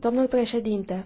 Domnul președinte.